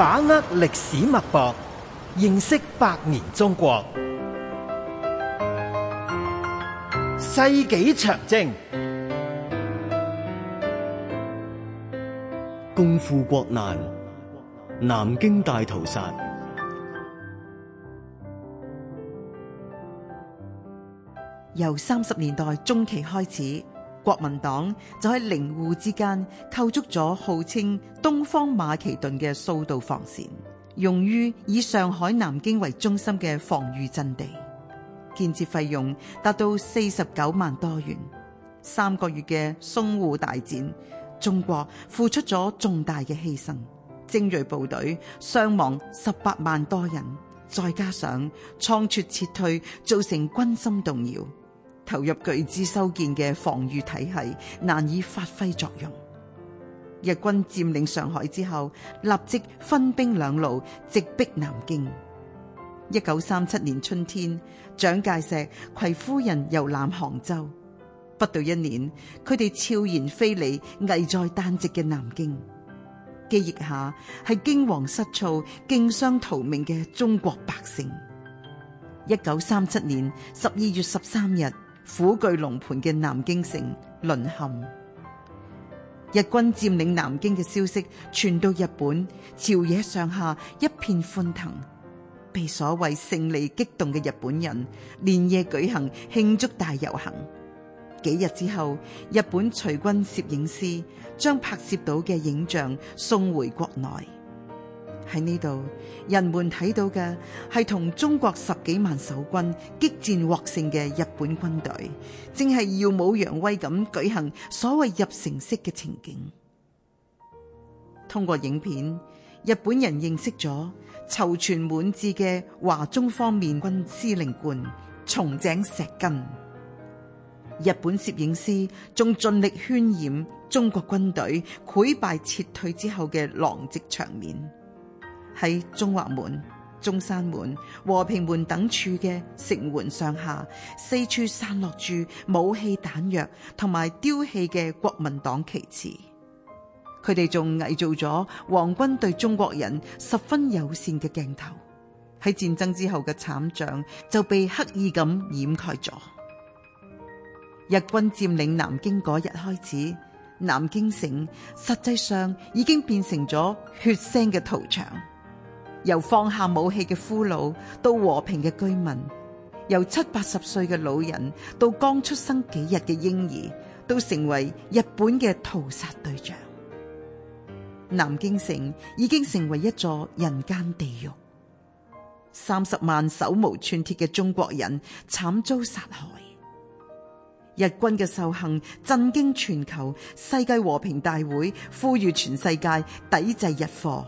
把握歷史脈搏，認識百年中國。世紀長征，共赴國難。南京大屠殺，由三十年代中期開始。國民黨就喺寧滬之間構築咗號稱東方馬其頓嘅數道防線，用於以上海南京為中心嘅防禦陣地，建設費用達到四十九萬多元。三個月嘅淞滬大戰，中國付出咗重大嘅犧牲，精銳部隊傷亡十八萬多人，再加上倉促撤退，造成軍心動搖。投入巨資修建嘅防禦體系難以發揮作用。日軍佔領上海之後，立即分兵兩路直逼南京。一九三七年春天，蔣介石攜夫人遊覽杭州，不到一年，佢哋悄然飛離危在旦夕嘅南京。機翼下係驚惶失措、競相逃命嘅中國百姓。一九三七年十二月十三日。.虎踞龍盤嘅南京城淪陷，日軍佔領南京嘅消息傳到日本，朝野上下一片歡騰，被所謂勝利激動嘅日本人連夜舉行慶祝大遊行。幾日之後，日本隨軍攝影師將拍攝到嘅影像送回國內。喺呢度，人們睇到嘅係同中國十幾萬守軍激戰獲勝嘅日本軍隊，正係耀武揚威咁舉行所謂入城式嘅情景。通過影片，日本人認識咗躊躇滿志嘅華中方面軍司令官松井石根。日本攝影師仲盡力渲染中國軍隊潰敗撤退之後嘅狼藉場面。喺中華門、中山門、和平門等處嘅城門上下，四處散落住武器彈藥同埋丟棄嘅國民黨旗幟。佢哋仲偽造咗皇軍對中國人十分友善嘅鏡頭，喺戰爭之後嘅慘象就被刻意咁掩蓋咗。日軍佔領南京嗰日開始，南京城實際上已經變成咗血腥嘅屠場。由放下武器嘅俘虜到和平嘅居民，由七八十歲嘅老人到剛出生幾日嘅嬰兒，都成為日本嘅屠殺對象。南京城已經成為一座人間地獄，三十萬手無寸鐵嘅中國人慘遭殺害。日軍嘅獸行震驚全球，世界和平大會呼籲全世界抵制日貨。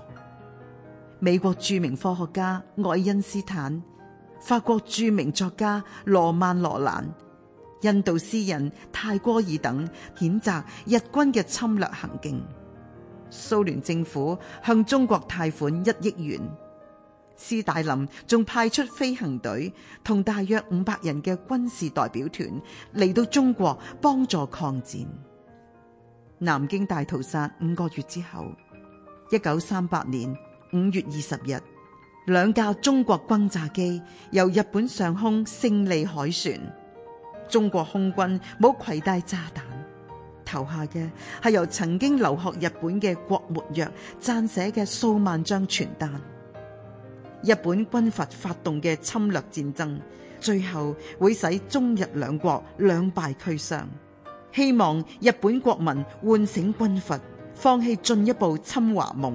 美國著名科學家愛因斯坦、法國著名作家羅曼·羅蘭、印度詩人泰戈爾等譴責日軍嘅侵略行徑。蘇聯政府向中國貸款一億元，斯大林仲派出飛行隊同大約五百人嘅軍事代表團嚟到中國幫助抗戰。南京大屠殺五個月之後，一九三八年。五月二十日，兩架中國轟炸機由日本上空勝利凱旋。中國空軍冇攜帶炸彈，投下嘅係由曾經留學日本嘅郭沫若撰寫嘅數萬張傳單。日本軍閥發動嘅侵略戰爭，最後會使中日兩國兩敗俱傷。希望日本國民喚醒軍閥，放棄進一步侵華夢。